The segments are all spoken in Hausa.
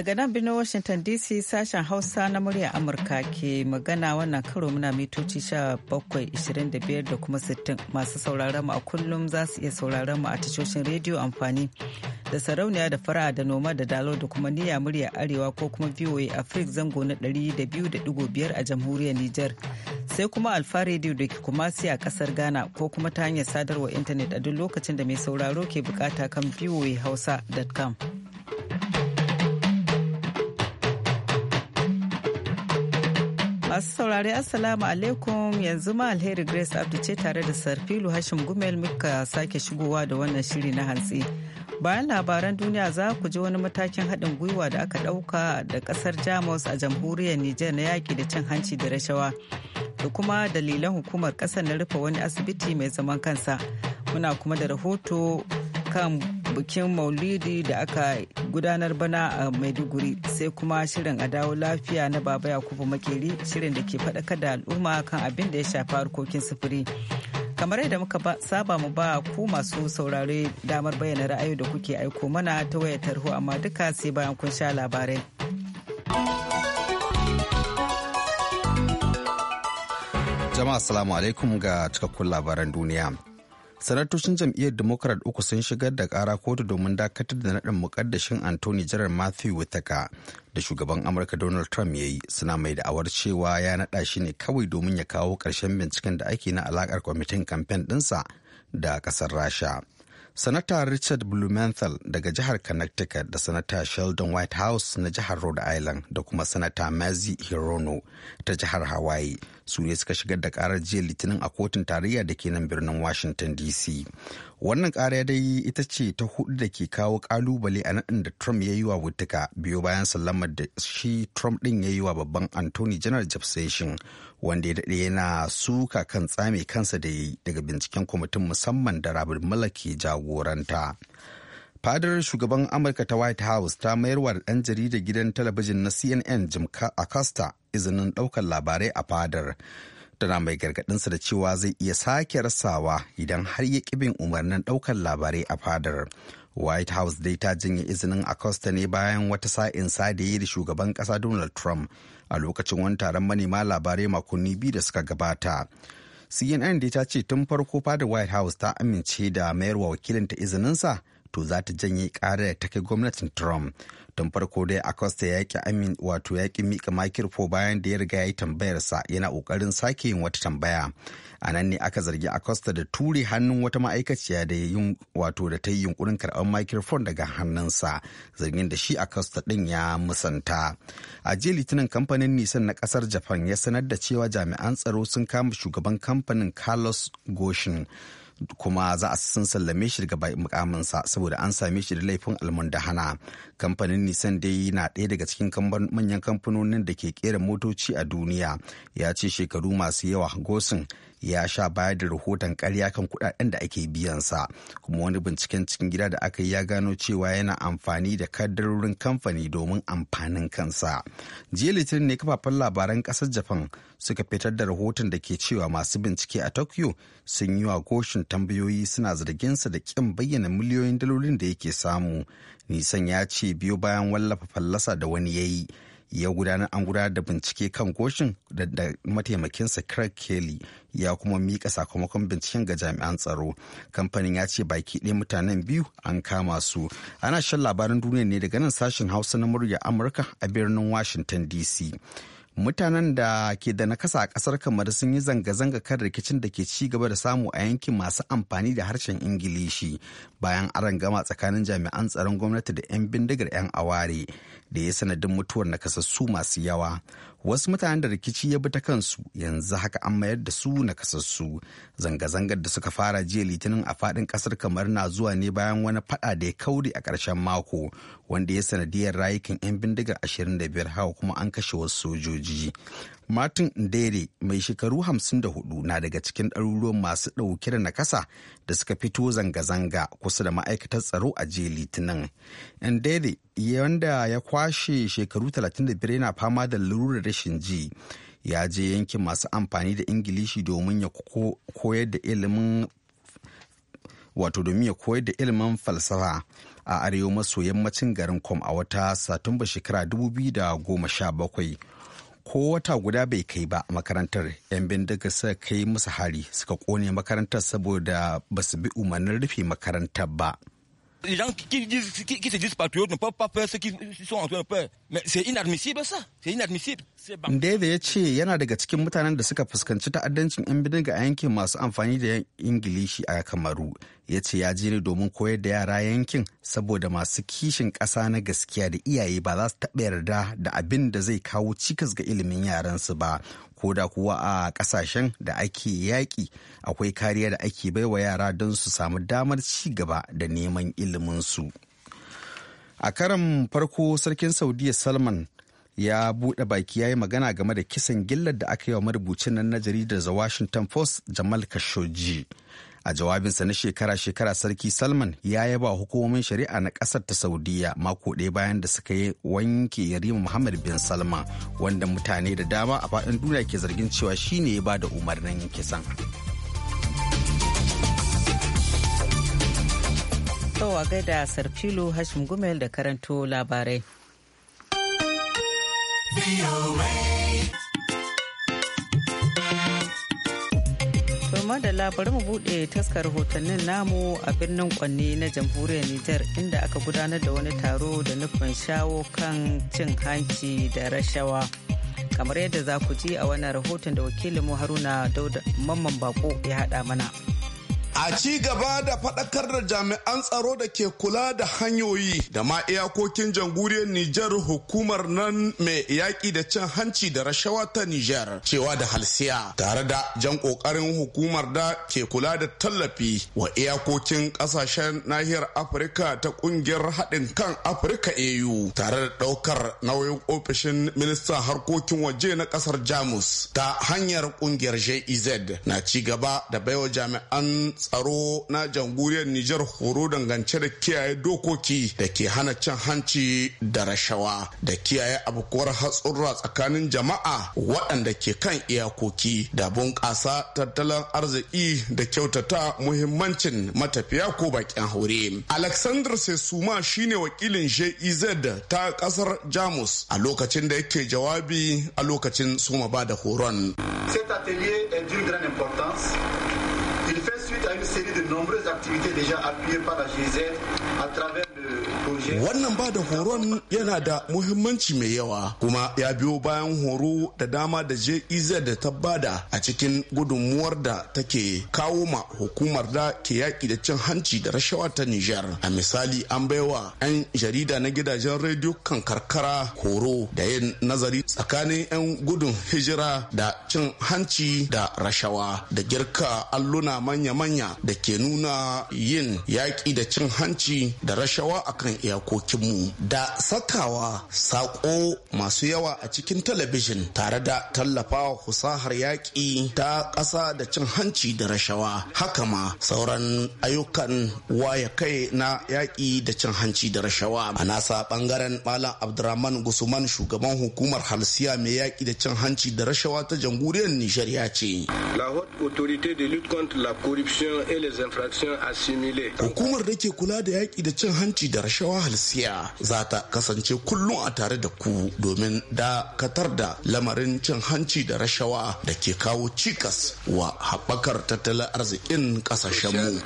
Daga nan birnin Washington DC sashen Hausa na murya Amurka ke magana wannan karo muna mitoci 1725 da kuma 60 masu sauraron mu a kullum za su iya sauraron mu a tashoshin rediyo amfani da sarauniya da fara da noma da dalo da kuma niyya murya arewa ko kuma VOA Africa zango na 200.5 a jamhuriyar niger Sai kuma Alfa Radio da ke kuma a kasar Ghana ko kuma ta hanyar sadarwa intanet a duk lokacin da mai sauraro ke bukata kan voahausa.com. Masu saurari Assalamu alaikum yanzu ma alheri Grace Abdu ce tare da Sarfilu Hashim Gumel muka sake shigowa da wannan shiri na hantsi. Bayan labaran duniya za ku ji wani matakin haɗin gwiwa da aka ɗauka da ƙasar Jamus a jamhuriyar Niger na yaƙi da cin hanci da rashawa da kuma dalilan hukumar ƙasar na rufe wani asibiti mai zaman kansa. Muna kuma da rahoto kan bikin maulidi da aka gudanar bana a maiduguri sai kuma shirin a dawo lafiya na baba yakubu makeri shirin da ke faɗakar da al'umma kan abin da ya shafi harkokin sufuri kamar yadda muka saba mu ba ku masu saurare damar bayyana ra'ayi da kuke aiko mana ta waya tarho amma duka sai bayan kun sha labarai jama'a salamu alaikum ga cikakkun labaran duniya sanatocin jam'iyyar democrat uku sun shigar da kara kotu domin dakatar da naɗin mukaddashin anthony jiran matthew whitaker da shugaban amurka donald trump ya yi suna mai da'awar cewa ya naɗa shi ne kawai domin ya kawo ƙarshen binciken da ake na alaƙar kwamitin kamfen ɗinsa da ƙasar rasha Sanata Richard Blumenthal daga jihar Connecticut da Sanata Sheldon House na jihar Rhode Island da kuma Sanata Mazi Hirono ta jihar Hawaii su ne suka shigar da karar jiya litinin a kotun tarayya da ke nan birnin Washington DC. Wannan kara dai ita ce ta hudu da ke kawo kalubale a naɗin da Trump ya yi wa wutuka biyo bayan sallamar da shi Trump ɗin ya yi wa babban Anthony General Jeff Sessions wanda ya daɗe yana suka kan tsame kansa da yi daga binciken kwamitin musamman da rabin mulki jagoranta. fadar shugaban amurka ta white house ta mayarwa da ɗan jaridar gidan talabijin na cnn jim acosta izinin ɗaukar labarai a fadar tana mai gargaɗinsa da cewa zai iya sake rasawa idan har ya kibin umarnin ɗaukar labarai a fadar white house dai ta janye izinin acosta ne bayan wata sa'in da da shugaban ƙasa donald trump a lokacin wani taron manema labarai makonni biyu da suka gabata. CNN dai ta ce tun farko fadar White House ta amince da mayarwa wakilinta izininsa to za ta janye ƙara ta kai gwamnatin Trump. Don farko dai Acosta ya ki amin wato ya ki mika makirfo bayan da ya riga ya yi tambayarsa yana ƙoƙarin sake yin wata tambaya. A nan ne aka zargi Acosta da ture hannun wata ma'aikaciya da yin wato da ta yi yunkurin karɓar microphone daga hannunsa zargin da shi Acosta ɗin ya musanta. A jiya Litinin kamfanin nisan na ƙasar Japan ya sanar da cewa jami'an tsaro sun kama shugaban kamfanin Carlos Goshin kuma za a sun sallame shi daga mukaminsa saboda an same shi da laifin almundahana kamfanin nisan dai na ɗaya daga cikin manyan kamfanonin da ke kera motoci a duniya ya ce shekaru masu yawa gosin ya sha baya da rahoton karya kan kudaden da ake biyansa kuma wani binciken cikin gida da aka yi ya gano cewa yana amfani da kadarorin kamfani domin amfanin kansa jiya litinin ne kafafen labaran kasar japan suka fitar da rahoton da ke cewa masu bincike a tokyo sun yi wa goshin tambayoyi suna zarginsa da kin bayyana miliyoyin dalolin da yake samu nisan ya ce biyo bayan wallafa fallasa da wani ya yi ya gudanar an gudanar da bincike kan goshin da mataimakinsa Craig Kelly ya kuma mika sakamakon binciken ga jami'an tsaro. Kamfanin ya ce baki ɗaya mutanen biyu an kama su. Ana shan labarin duniya ne daga nan sashen Hausa na murya Amurka a birnin Washington DC. mutanen da ke da nakasa a kasar kamar sun yi zanga-zanga kan rikicin da ke ci gaba da samu a yankin masu amfani da harshen ingilishi bayan aron gama tsakanin jami'an tsaron gwamnati da 'yan bindigar 'yan aware da ya sanadin mutuwar nakasassu masu yawa wasu mutanen da rikici ya bi ta kansu yanzu haka an mayar da su na nakasassu zanga-zangar da suka fara jiya litinin a fadin kasar kamar na zuwa ne bayan wani fada da ya kauri a ƙarshen mako wanda ya sanadiyar rayukan 'yan bindigar 25 hawa kuma an kashe wasu sojoji martin ndere mai shekaru 54 na daga cikin ɗaruruwan masu ɗauke da nakasa da suka fito zanga-zanga kusa da ma'aikatar tsaro a jiya litinin ndere wanda ya kwashe shekaru 35 yana fama da lalurar rashin ji ya je yankin masu amfani da ingilishi domin ya koyar da ilimin wato domin ya koyar da ilimin falsafa a arewa maso yammacin garin kom a wata satumba shekara 2017 ko wata guda bai kai ba makarantar yan bindiga sa kai musu hari suka kone makarantar saboda ba su bi umarnin rufe makarantar ba. Les gens C'est inadmissible ça, c'est inadmissible. Ndebe ya ce yana daga cikin mutanen da suka fuskanci ta'addancin 'yan bidiga a yankin masu amfani da Ingilishi a Kamaru. Ya ce ya je ne domin koyar da yara yankin saboda masu kishin ƙasa na gaskiya da iyaye ba za su taɓa yarda da abin da zai kawo cikas ga ilimin yaransu ba. Ko da kuwa a ƙasashen da ake yaƙi akwai kariya da ake baiwa yara don su samu damar ci gaba da neman iliminsu. su. a karan farko sarkin saudiya salman ya buɗe baki ya yi magana game da kisan gillar da aka yi wa marubucin nan na jaridar the washington post jamal kashoji a jawabinsa na shekara-shekara sarki salman ya yaba hukumomin shari'a na ƙasar ta saudiya mako ɗaya bayan da suka yi wanke yarima muhammad bin salma wanda mutane da dama a faɗin duniya ke zargin cewa shine ya ba da umarnin kisan. yau a gaida sarfilo Hashim Gumel da karanto labarai. Turma da labarin mu buɗe taskar hotannin namu a birnin Kwanne na jamhuriyar Nijar inda aka gudanar da wani taro da nufin shawo kan cin hanci da rashawa. Kamar yadda za ku ji a wannan rahoton da wakilinmu Haruna Dauda Mamman Bako ya haɗa mana. A ci gaba da faɗakar da jami'an tsaro da ke kula da hanyoyi da ma iyakokin jamhuriyar Nijar hukumar nan mai yaƙi da cin hanci da rashawa ta Nijar cewa da halsiya tare da jan ƙoƙarin hukumar da ke kula da tallafi wa iyakokin ƙasashen nahiyar Afirka ta ƙungiyar haɗin kan Afirka AU tare da ɗaukar nauyin ofishin ministan harkokin waje na ƙasar Jamus ta hanyar ƙungiyar JEZ na ci gaba da baiwa jami'an tsaro na jamhuriyar Nijar horo dangance da kiyaye dokoki da ke hana cin hanci da rashawa da kiyaye abokuwar hatsurra tsakanin jama'a waɗanda ke kan iyakoki da bunƙasa tattalin arziki da kyautata muhimmancin matafiya ko bakin haure. Alexander Sesuma shine wakilin JEZ ta ƙasar Jamus a lokacin da yake jawabi a lokacin suma ba da horon. Cet nombreuses activités déjà appuyées par la GIZ à travers le, Wannan ba da horon yana da muhimmanci mai yawa kuma ya biyo bayan horo da dama da JEZ da ta bada a cikin gudunmuwar da take kawo ma hukumar da ke yaƙi da cin hanci da rashawa ta Nijar. A misali an baiwa 'yan jarida na gidajen rediyo kan karkara horo da yin nazari tsakanin 'yan gudun hijira da cin hanci da rashawa da girka alluna manya-manya da ke nuna yin yaƙi da cin hanci da rashawa akan iyakokinmu da sakawa sako masu yawa a cikin talabijin tare da tallafawa fusahar yaƙi ta ƙasa da cin hanci da rashawa haka ma sauran ayyukan waya kai na yaƙi da cin hanci da rashawa a nasa ɓangaren malam abdurrahman gusman shugaban hukumar halsiya mai yaƙi da cin hanci da rashawa ta jamhuriyar nijar ya ce hukumar da ke kula da yaƙi da cin hanci da rashawa hawa halisiya za ta kasance kullum a tare da ku domin dakatar da lamarin cin hanci da rashawa da ke kawo cikas wa haɓakar tattalin arzikin ƙasashenmu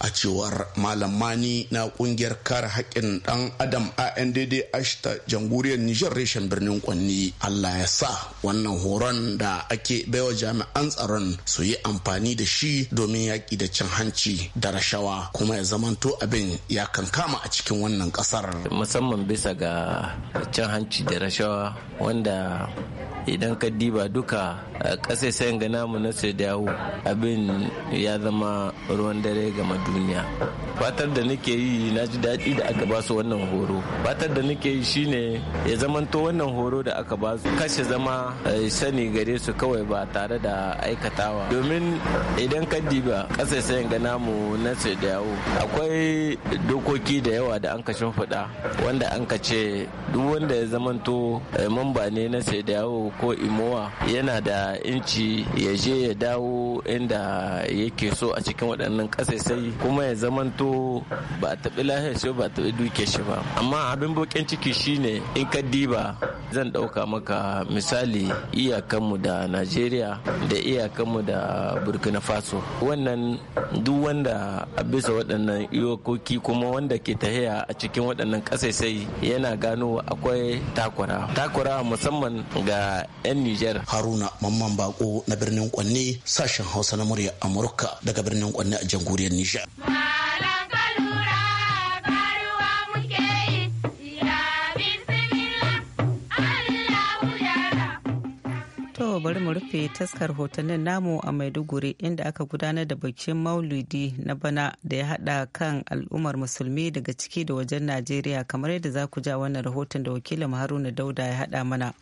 a cewar malamani na ƙungiyar kare haƙƙin ɗan adam andd ashta jamhuriyar nijar reshen birnin kwanni allah ya sa wannan horon da ake baiwa jami'an tsaron su yi amfani da shi domin yaƙi da cin hanci da rashawa kuma ya zamanto abin ya kankama a cikin cikin wannan kasar musamman bisa ga cin hanci da rashawa wanda idan ka diba duka kasashen ga namu na sadiyawo abin ya zama ruwan dare game duniya fatar da nake yi na ji daɗi da aka basu wannan horo fatar da nake yi shine ya zamanto wannan horo da aka basu kashe zama eh, sani gare su kawai ba tare da aikatawa domin idan ka diba kasashen ga namu na sadiyawo akwai dokoki da yawa da an kashin shimfiɗa wanda an ka ce duk wanda ya zamanto eh, mamba ne na sadiyawo ko imowa yana da inci ya je ya dawo inda yake so a cikin waɗannan ƙasashen kuma ya zamanto ba a taɓi lahiyar shi ba a taɓi duke shi ba amma abin bakin ciki shine in ka diba zan ɗauka maka misali iyakanmu da najeriya da iyakanmu da burkina faso wannan duk wanda a bisa waɗannan iyakoki kuma wanda ke tahiya a cikin waɗannan ƙasashen yana gano akwai takura takura musamman ga 'yan nijar haruna man Bako na birnin Kwanne sashen Hausa na murya Amurka daga birnin Kwanne a jamhuriyar nisha. bari mu rufe taskar hotunan namu a maiduguri inda aka gudanar da bikin maulidi na bana da ya hada kan al'ummar musulmi daga ciki da wajen najeriya kamar yadda za ku ja wannan rahoton da wakilin haruna dauda ya hada mana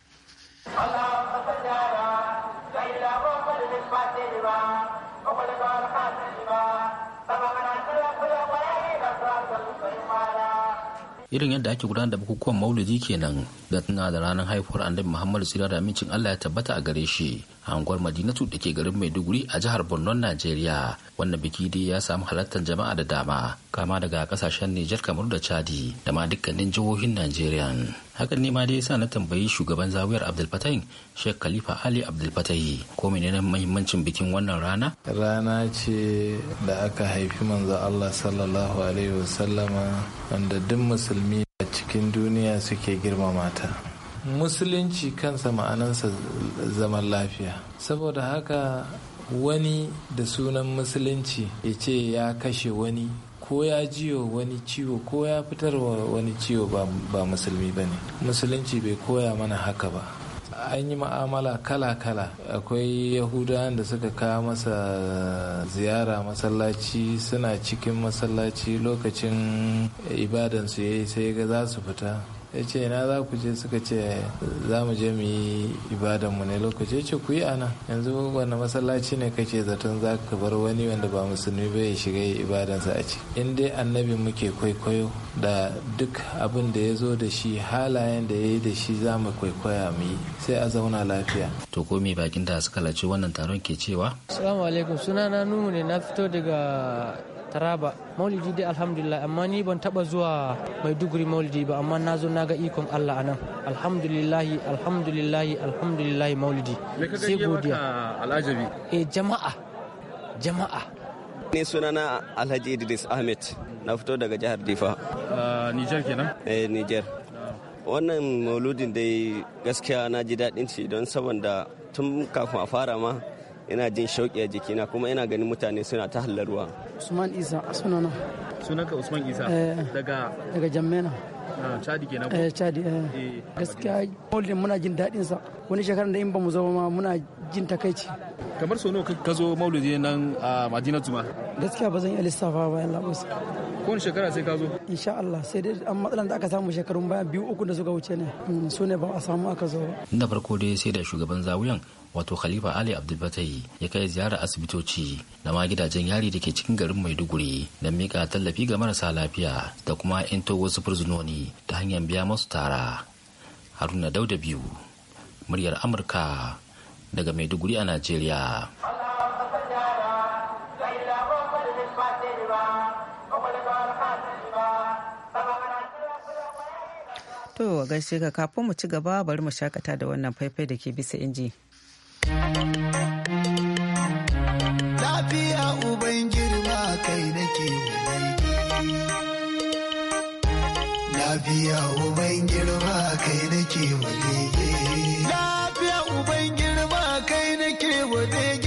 irin yadda ake gudanar da bukukuwan maulidi kenan da tana da ranar haifuwar annabi muhammadu sira da amincin allah ya tabbata a gare shi a unguwar madinatu da ke garin maiduguri a jihar borno najeriya wannan biki dai ya samu halartar jama'a da dama kama daga kasashen nijar kamar da chadi da ma dukkanin jihohin najeriya Haka ne ma dai sa na tambayi shugaban zawiyar abdulfatahin sheikh khalifa ali abdulfatahi ko menene mahimmancin bikin wannan rana rana ce da aka haifi manzo allah sallallahu alaihi wasallama wanda duk musulmi a cikin duniya suke girmama ta musulunci kansa ma'anansa zaman lafiya saboda haka wani da sunan musulunci ya ce ya kashe wani ko ya jiyo wani ciwo ko ya fitarwa wani ciwo ba musulmi ba ne musulunci bai koya mana haka ba an yi ma'amala kala-kala akwai yahudawan da suka kawo masa ziyara masallaci suna cikin masallaci lokacin ibadansu ya yi sai ga za su fita ya ce ina za ku je suka ce za mu je mu yi ibadan mu ne lokaci ce ku yi ana yanzu wani masallaci ne kake zaton za ka bar wani wanda ba musulmi ba ya shiga yi ibadansa a ci in dai annabi muke kwaikwayo da duk abin da ya zo da shi halayen da ya yi da shi za mu kwaikwaya mu yi sai a zauna lafiya. to ko me bakin da suka laci wannan taron ke cewa. assalamu alaikum sunana numu ne na fito daga taraba maulidi dai alhamdulillah amma ni ban taba zuwa maiduguri maulidi ba amma na zo na ga ikon allah anan alhamdulillahi alhamdulillahi alhamdulillahi maulidi sai godiya al'ajabi eh jama'a jama'a ne sunana alhaji idris ahmed na fito daga jihar difa ah, niger kenan eh niger wannan mauludin dai gaskiya na ji daɗin ci don saboda tun kafin a fara ma ina jin shauƙi a jikina kuma ina ganin mutane suna ta halarwa. usman isa sunana sunanka usman isa eh. daga daga jammena ah, chadi kenan eh chadi eh, eh gaskiya maulidin muna jin daɗin sa wani shekaran da in ba mu zo ma muna jin takaici kamar sono ka zo maulidi nan a madina tuma gaskiya ba zan yi lissafa ba yalla musa kowane shekara sai ka zo insha Allah sai dai an matsalan da aka samu shekarun baya biyu uku da suka wuce ne hmm, su ne ba a samu aka zo ba na farko dai sai da shugaban zawuyan wato khalifa ali abdulfatahi ya kai ziyara asibitoci da ma gidajen yari da ke cikin garin maiduguri da mika tallafi ga marasa lafiya da kuma 'yanto wasu fursunoni ta hanyar biya masu tara haruna dauda biyu muryar amurka daga maiduguri a najeriya To gaishe ka kafin mu ci gaba bari mu shakata da wannan faifai da ke bisa inji. Lafiya uban girma kai nake Lafiya uban girma kai nake wadege. Lafiya uban girma kai nake wadege.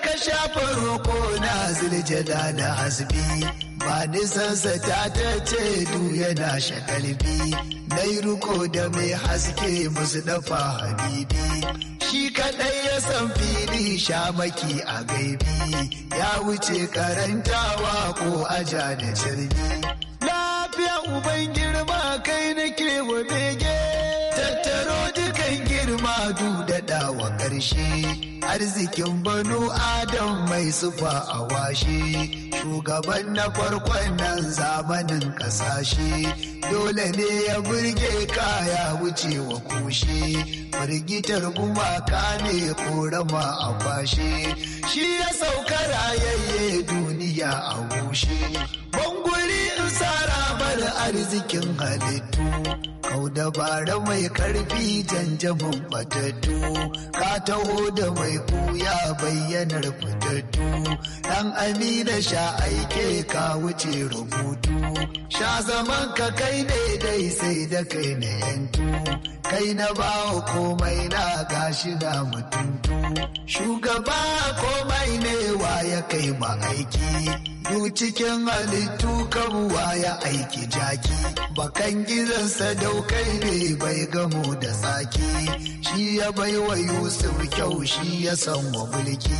shafa roko na ziljada da hasbi ba sa ta ta ce du yana shakalbi na yi ruko da mai haske musu dafa habibi shi kaɗai ya san fili shamaki a gaibi ya wuce karantawa ko aja da jirgi lafiya uban girma kai nake wa ƙarshe arzikin banu adam mai sufa a washe shugaban na farkon nan zamanin ƙasashe dole ne ya burge kaya wuce wa kushe firgitar gumaka ne korama a kwashe shi ya sauka rayayye duniya a gushe banguri in sara bar arzikin halittu kau dabara mai karfi janjamin fatattu ka taho da mai kuya bayyanar fatattu dan amina sha aike ka wuce rubutu sha zaman ka kai ne dai sai da kai na yantu kai na bawa komai na gashi da mutuntu shugaba komai ne wa ya kai ma aiki du cikin halittu kan ya aiki jaki bakan gizansa dau kai ne bai gamo da tsaki shi ya bai wa yusuf kyau shi ya san wa mulki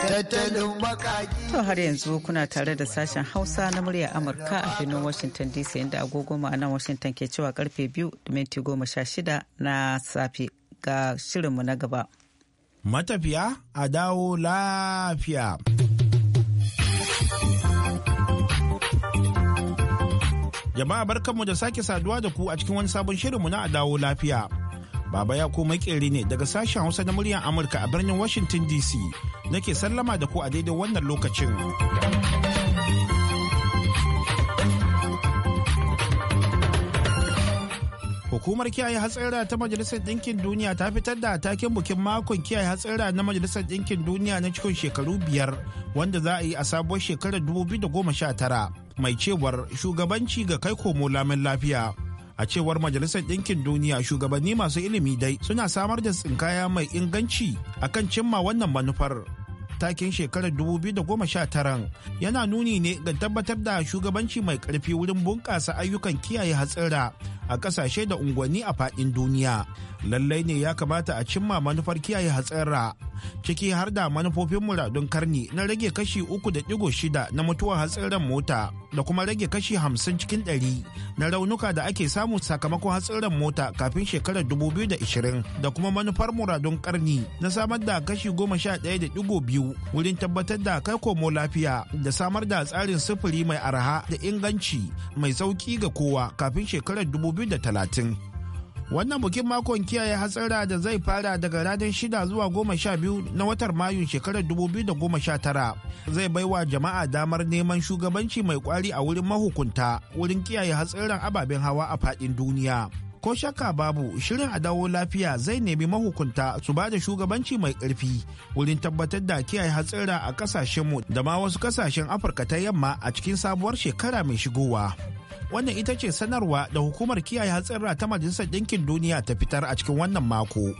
tattalin makaki to har yanzu kuna tare da sashen hausa na murya amurka a birnin washington dc inda agogo ma'anan washington ke cewa karfe biyu da minti goma sha shida na safe ga shirinmu na gaba matafiya a dawo lafiya Jama'a barkanmu da sake saduwa da ku a cikin wani sabon shirinmu na a dawo lafiya. Baba ya komai makeri ne daga sashen Hausa na muryar Amurka a birnin Washington DC. Nake sallama da ku a daidai wannan lokacin. Hukumar kiyaye hatsira ta Majalisar Ɗinkin Duniya ta fitar da takin bukin makon kiyaye hatsira na Majalisar Ɗinkin Duniya na cikin shekaru biyar wanda za a yi a sabuwar shekarar 2019. mai cewar shugabanci ga kai komo lamin lafiya a cewar majalisar ɗinkin duniya shugabanni masu ilimi dai suna samar da tsinkaya mai inganci a kan cimma wannan manufar takin shekarar 2019 yana nuni ne ga tabbatar da shugabanci mai ƙarfi wurin bunƙasa ayyukan kiyaye hatsira a ƙasashe da unguwanni a faɗin duniya lallai ne ya kamata a cimma manufar kiyaye hatsara ciki har da manufofin muradun karni na rage kashi uku da shida na mutuwar hatsarin mota da kuma rage kashi hamsin cikin ɗari na raunuka da ake samu sakamakon hatsarin mota kafin shekarar dubu biyu da ishirin, da kuma manufar muradun karni na samar da kashi goma sha ɗaya da biyu wurin tabbatar da kai komo lafiya da samar da tsarin sufuri mai arha da inganci mai sauki ga kowa kafin shekarar dubu 2030. Wannan bikin makon kiyaye hatsara da zai fara daga ranar shida zuwa sha biyu na watan Mayu shekarar 2019 zai baiwa jama'a damar neman shugabanci mai kwari a wurin mahukunta wurin kiyaye hatsaran ababen hawa a faɗin duniya. ko shakka babu shirin a dawo lafiya zai nemi mahukunta su ba da shugabanci mai ƙarfi wurin tabbatar da kiyaye hatsira a kasashenmu da ma wasu kasashen afirka ta yamma a cikin sabuwar shekara mai shigowa. Wannan ita ce sanarwa da hukumar kiyaye hatsara ta Majalisar Ɗinkin Duniya ta fitar a cikin wannan mako.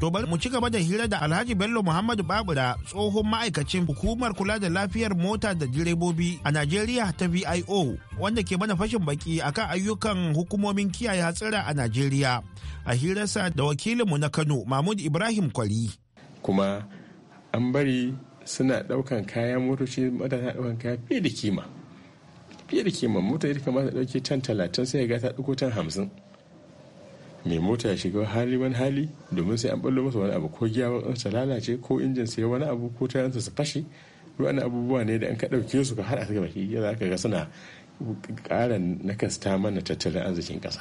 To bari mu ci gaba da hira da Alhaji Bello Muhammadu Babura tsohon ma'aikacin hukumar kula da lafiyar mota da direbobi a Najeriya ta VIO wanda ke mana fashin baki akan ayyukan hukumomin kiyaye hatsira a Najeriya a hirarsa da wakilinmu na Kano Mahmud Ibrahim Kwari. Kuma an bari suna ɗaukan kayan motoci matasa ɗaukan kaya fiye da kima. fiye da ma mota ita kamata ɗauke tan talatin sai ga ta ɗauko tan hamsin mai mota ya shiga hali wani hali domin sai an ɓallo masa wani abu ko giya wani sa lalace ko injin sai wani abu ko ta yansa su fashe wani abubuwa ne da an ka ɗauke su ka har a ta gaba ya za ka ga suna ƙara nakasta mana tattalin arzikin ƙasa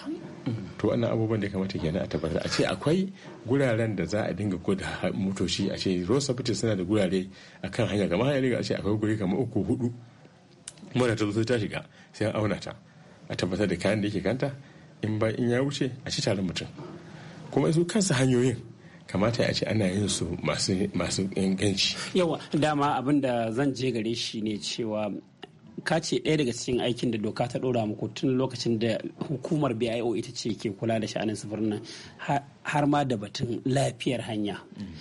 to wannan abubuwan da kamata kenan a tabbatar a ce akwai guraren da za a dinga gwada motoci a ce road suna da gurare akan hanya kamar hanyar a ce akwai guri kamar uku hudu mura ta zo ta shiga sai an auna ta a tabbatar da kayan da yake kanta in ba in ya wuce a ci tare mutum kuma su kansa hanyoyin kamata a ce ana yin su masu inganci yawa dama abin da zan je gare shi ne cewa ka ce ɗaya daga cikin aikin da doka ta ɗora muku tun lokacin da hukumar bio ita ce ke kula da sha'anin sufurin nan har ma da batun lafiyar hanya mm.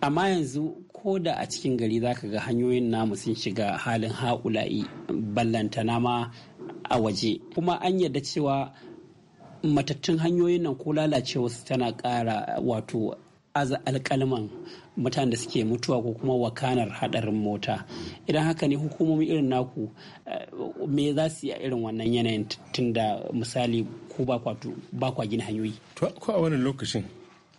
amma yanzu ko da a cikin gari zaka ga hanyoyin namu sun shiga halin haƙula'i ballantana ma a waje kuma an yarda cewa matattun hanyoyin nan ko lalacewa su tana ƙara wato aza alƙalman mutanen da suke mutuwa ko kuma wakanar haɗarin mota idan haka ne hukumomi irin naku eh, me za su yi a irin wannan yanayin tunda misali ko ba kwa gina hanyoyi to ko a wannan lokacin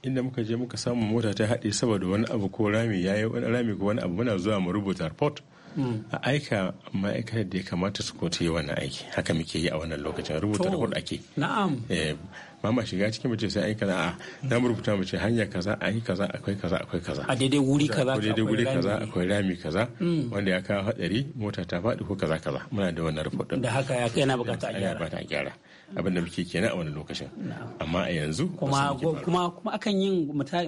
inda muka je muka samu mota ta haɗe saboda wani abu ko rami ya yi wani rami ko wani abu muna zuwa mu rubuta report hmm. a aika ma'aikatar da ya kamata su ko yi wannan aiki haka muke yi a wannan lokacin rubuta report ake na'am eh, ba ma shiga cikin mace sai aika na'a a na mu rubuta mace hanya kaza a yi kaza akwai kaza akwai kaza a daidai wuri kaza akwai daidai wuri kaza akwai rami kaza hmm. wanda ya kawo hadari mota ta faɗi ko kaza kaza muna da wannan report da haka ya bukata a gyara abin da muke kenan a wani lokacin amma a yanzu kuma kuma kuma akan yin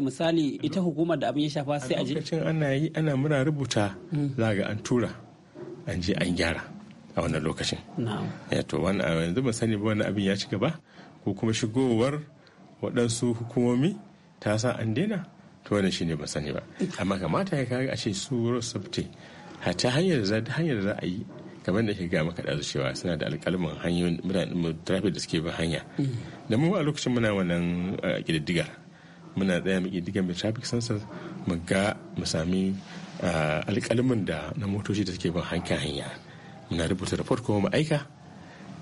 misali ita hukumar da abin ya shafa sai a je lokacin ana yi ana muna rubuta hmm. za ga an tura an je an gyara a wannan lokacin eh to wani yanzu ban sani ba wani abin ya ci gaba ko kuma shigowar waɗansu hukumomi ta sa an daina to wannan shine ban sani ba amma kamata ya kaga a ce su rosafti ta hanyar da za a yi kamar da ke ga maka da cewa suna da alƙalman hanyoyin traffic da suke bin hanya da mu a lokacin muna wannan eh, ƙididdigar muna tsaya mu ƙididdigar mai traffic sensor mu ga mu sami eh, alƙalman da na motoci da suke bin hankan hanya muna rubuta report kuma mu aika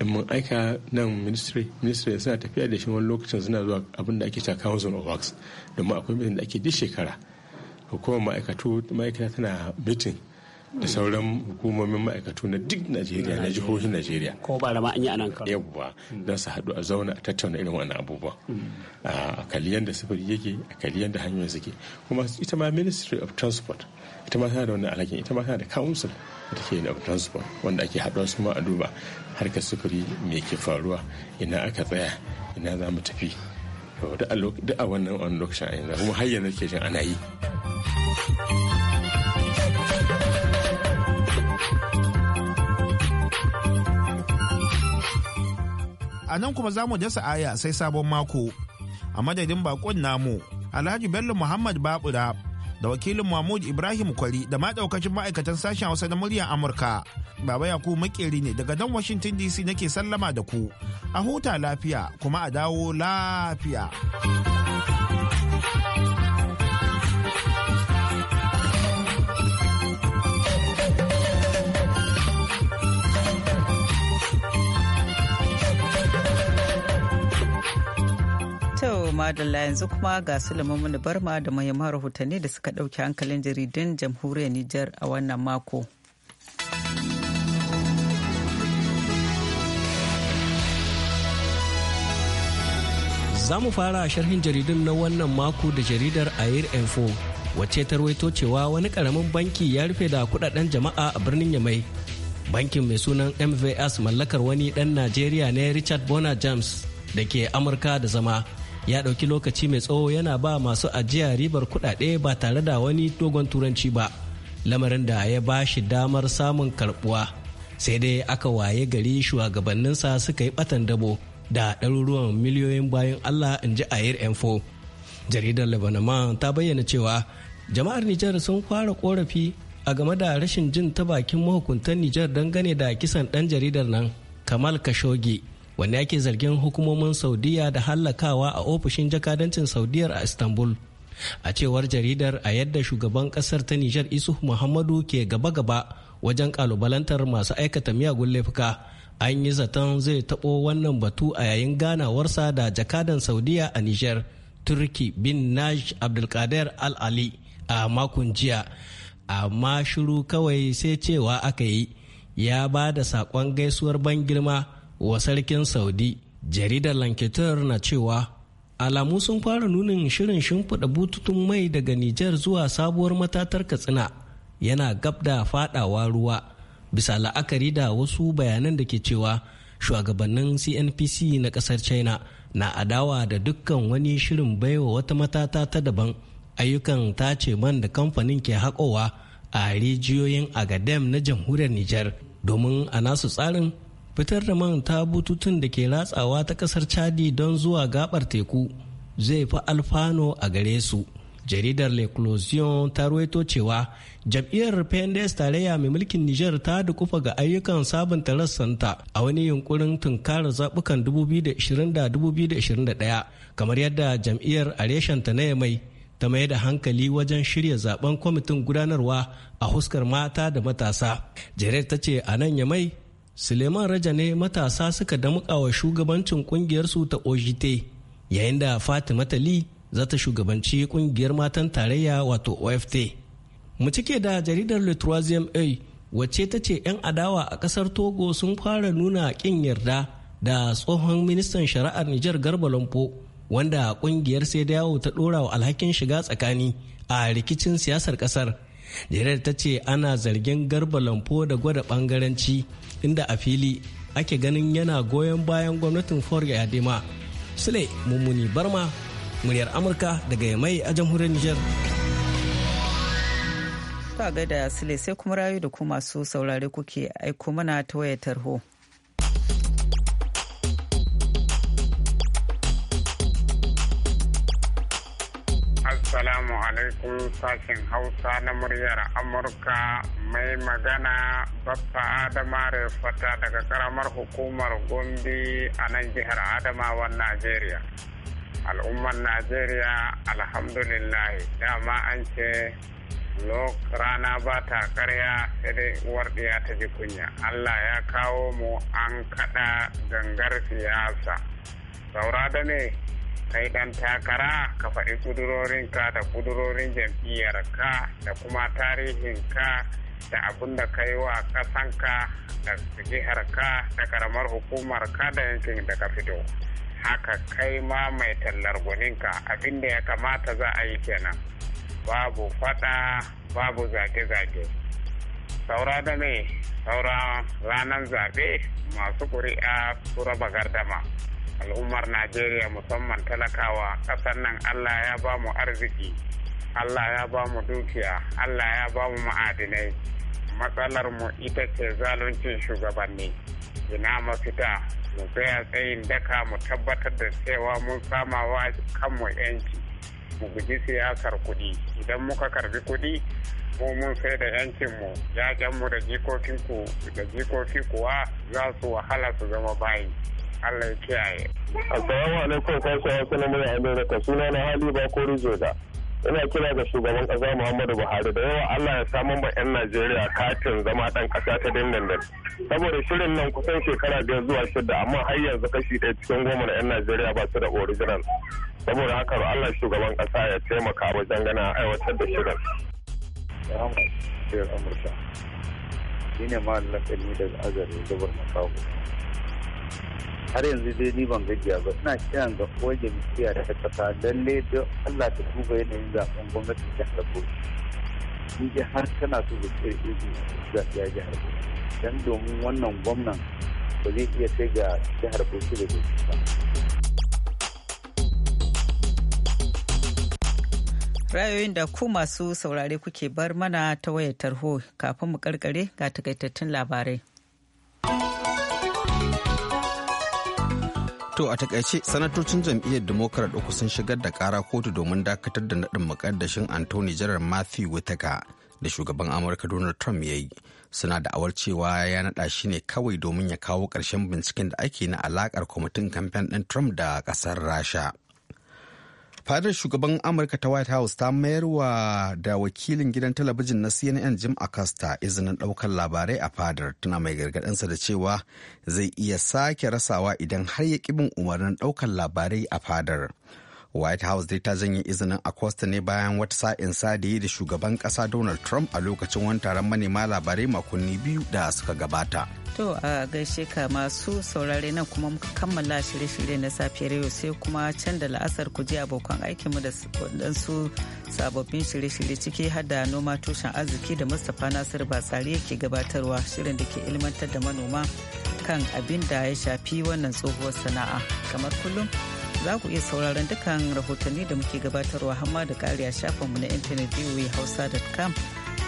in mun aika nan ministry ministry suna tafiya da shi wani lokacin suna zuwa abin da ake cewa council of works domin akwai mutum da ake duk shekara hukumar ma'aikatu ma'aikata tana mitin da sauran hukumomin ma'aikatu na duk najeriya na jihohin najeriya ko ba da an anan kan yawwa don su haɗu a zauna a tattauna irin wannan abubuwa mm. ah, a kaliyan da sufuri yake a kaliyan da hanyoyin suke kuma ita ma ministry of transport ita ma tana da wannan alhakin ita ma tana da council da take da transport wanda ake haɗuwa su ma a duba harkar sufuri me ke faruwa ina aka tsaya ina za mu tafi duk a wannan lokacin a yanzu kuma har yanzu ke jin ana yi. a nan kuma za mu dasa aya sai sabon mako a madadin bakon namu alhaji bello muhammad babura da wakilin mahmud ibrahim kwari da ma ma'aikatan sashen hausa na muryar amurka baba ku makeri ne daga nan washington dc nake sallama da ku a huta lafiya kuma a dawo lafiya madalla yanzu kuma ga sulaiman da barma da muhimman rahotanni da suka ɗauki hankalin jaridun jamhuriyar Nijar a wannan mako. Za mu fara sharhin jaridun na wannan mako da jaridar Air Info wacce ta rawaito cewa wani karamin banki ya rufe da kudaden jama'a a birnin Yamai. Bankin mai sunan MVS mallakar wani ɗan Najeriya ne Richard Bona James da ke Amurka da zama ya ɗauki lokaci mai tsawo yana ba masu ajiya ribar kuɗaɗe ba tare da wani dogon turanci ba lamarin da ya ba shi damar samun karbuwa sai dai aka waye gari shugabanninsa suka yi batan dabo da ɗaruruwan miliyoyin bayan allah in ji a ayir info jaridar lebanon ta bayyana cewa jama'ar nijar sun fara korafi a game da rashin jin ta bakin mahukuntan nijar dangane da kisan ɗan jaridar nan kamal kashogi wanda yake zargin hukumomin saudiya da hallakawa a ofishin jakadancin saudiyar a istanbul a cewar jaridar a yadda shugaban kasar ta nijar isu muhammadu ke gaba-gaba wajen kalubalantar masu aikata miyagun laifuka an yi zaton zai taɓo wannan batu a yayin ganawarsa da jakadan saudiya a nijar turki bin naj abdulkader al-ali a makon jiya amma shiru kawai sai cewa aka yi ya ba da saƙon gaisuwar ban girma wa sarkin saudi jaridar lanketer na cewa alamu sun fara nunin shirin shimfiɗa bututun mai daga nijar zuwa sabuwar matatar katsina yana gab da fadawa ruwa bisa la'akari da wasu bayanan da ke cewa shugabannin cnpc na ƙasar china na adawa da dukkan wani shirin baiwa wata matata ta daban ayyukan tace man da kamfanin ke haƙowa a rijiyoyin agadem na jamhuriyar nijar domin a nasu tsarin fitar da man ta bututun da ke ratsawa ta kasar chadi don zuwa gabar teku zai fi alfano a gare su jaridar closion ta ruwaito cewa jam'iyyar pendes tarayya mai mulkin niger ta dukufa ga ayyukan sabunta rassanta a wani yunkurin tunkarar zabukan 2020-2021 kamar yadda jam'iyyar areshanta na yamai ta mai da hankali wajen shirya zaben kwamitin gudanarwa a huskar mata da matasa jaridar ta ce a nan yamai suleiman raja ne matasa suka damuka wa shugabancin kungiyarsu ta ogt yayin da fatima tali za ta shugabanci kungiyar matan tarayya wato oft mu cike da jaridar le a wacce ta ce 'yan adawa a kasar togo sun fara nuna kin yarda da tsohon ministan shari'ar nijar garba lampo wanda kungiyar sai da yawo ta dora wa alhakin shiga tsakani a rikicin siyasar kasar Jirar ta ce ana zargin garba lamfo da gwada bangaranci inda a fili ake ganin yana goyon bayan gwamnatin Forga Yadema. Sule Mummuni Barma, muryar Amurka daga Yamai a jamhuriyar Nijar. Ta gaida Sule sai kuma rayu da ku masu saurare kuke aiko mana ta wayar tarho. alaikum sashen hausa na muryar amurka mai magana babba adama fata daga karamar hukumar gombe a nan jihar adamawan najeriya al'ummar najeriya alhamdulillah dama an ce lok rana ba ta karya sai dai uwar ɗiya ta ji kunya allah ya kawo mu an kaɗa gangar siyasa saura da ne kai dan takara ka faɗi kudurorinka da kudurorin jam'iyyarka da kuma tarihinka da abin da ka yi wa ƙasanka da jiharka da karamar hukumarka da yankin da ka fito haka kai ma mai tallar gwaninka abin da ya kamata za a yi kenan babu fada babu zage-zage saura da ne saura ranar zaɓe masu ƙuri'a su raba gardama al'ummar najeriya musamman talakawa ƙasar nan allah ya ba mu arziki allah ya ba mu dukiya allah ya ba mu ma'adinai matsalar mu ita ce zaluncin shugabanni ina mafita mu tsaya tsayin daka mu tabbatar da cewa mun samawa kanmu yanci mu guji siyasar kuɗi idan muka karbi kuɗi mu mun sai da yancinmu mu da jikokin da jikoki kuwa za su wahala su zama bayi Allah ya kiyaye. Assalamu alaikum sa suna na hali ba ko rijoda. Ina kira ga shugaban kasa Muhammadu Buhari da yawa Allah ya samu ma 'yan Najeriya katin zama dan kasa ta dindindin. Saboda shirin nan kusan shekara biyar zuwa shida amma har yanzu kashi ɗaya cikin goma na 'yan Najeriya ba su da original. Saboda haka Allah shugaban kasa ya taimaka wajen gana aiwatar da shirin. Amurka. Shi ne daga azare har yanzu dai ni ban gajiya ba ina kiran ga kowai da ta kasa lalle da allah ta duba yanayin zaben gwamnatin jihar bauchi in ji har tana so da tsaye da ya jihar har don domin wannan gwamnan ba zai iya kai ga jihar bauchi da bauchi ba rayoyin da ku masu saurare kuke bar mana ta wayar tarho kafin mu karkare ga takaitattun labarai To a takaice sanatocin jam'iyyar Democrat uku sun shigar da kara kotu domin dakatar da naɗin makaddashin Anthony jarar Matthew Whitaker da shugaban Amurka Donald Trump ya yi. Suna da'awar cewa ya naɗa shi ne kawai domin ya kawo ƙarshen binciken da ake na alaƙar kwamitin kamfen ɗin Trump da ƙasar Rasha. fadar shugaban amurka ta white house ta mayar wa da wakilin gidan talabijin na cnn jim acosta izinin daukar labarai a fadar tana mai gargadinsa da cewa zai iya sake rasawa idan har ya bin umarnin daukar labarai a fadar white house dai ta zanyi izinin acosta ne bayan wata sa'in sadiye da shugaban kasa donald trump a lokacin wani taron manema labarai makonni biyu da suka gabata to a gaishe ka masu saurare nan kuma muka kammala shirye-shirye na safiyar yau sai kuma can da la'asar ku ji abokan mu da waɗansu sababbin shirye-shirye ciki har da noma tushen arziki da mustapha nasir batsari yake gabatarwa shirin da ke ilmantar da manoma kan abin da ya shafi wannan tsohuwar sana'a kamar kullum za ku iya sauraron dukkan rahotanni da muke gabatarwa hamma da kari a shafinmu na intanet hausa.com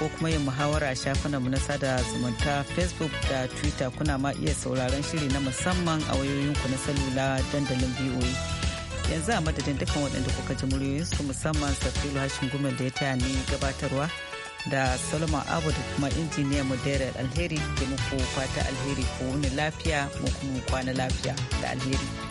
ko kuma yin muhawara a shafinmu na sada zumunta facebook da twitter kuna ma iya sauraron shiri na musamman a wayoyinku na salula dandalin voa yanzu a madadin dukkan waɗanda kuka ji su musamman safilu hashin da ya taya ni gabatarwa da solomon abu da kuma injiniya mu alheri ke muku fata alheri ko wani lafiya mu kuma kwana lafiya da alheri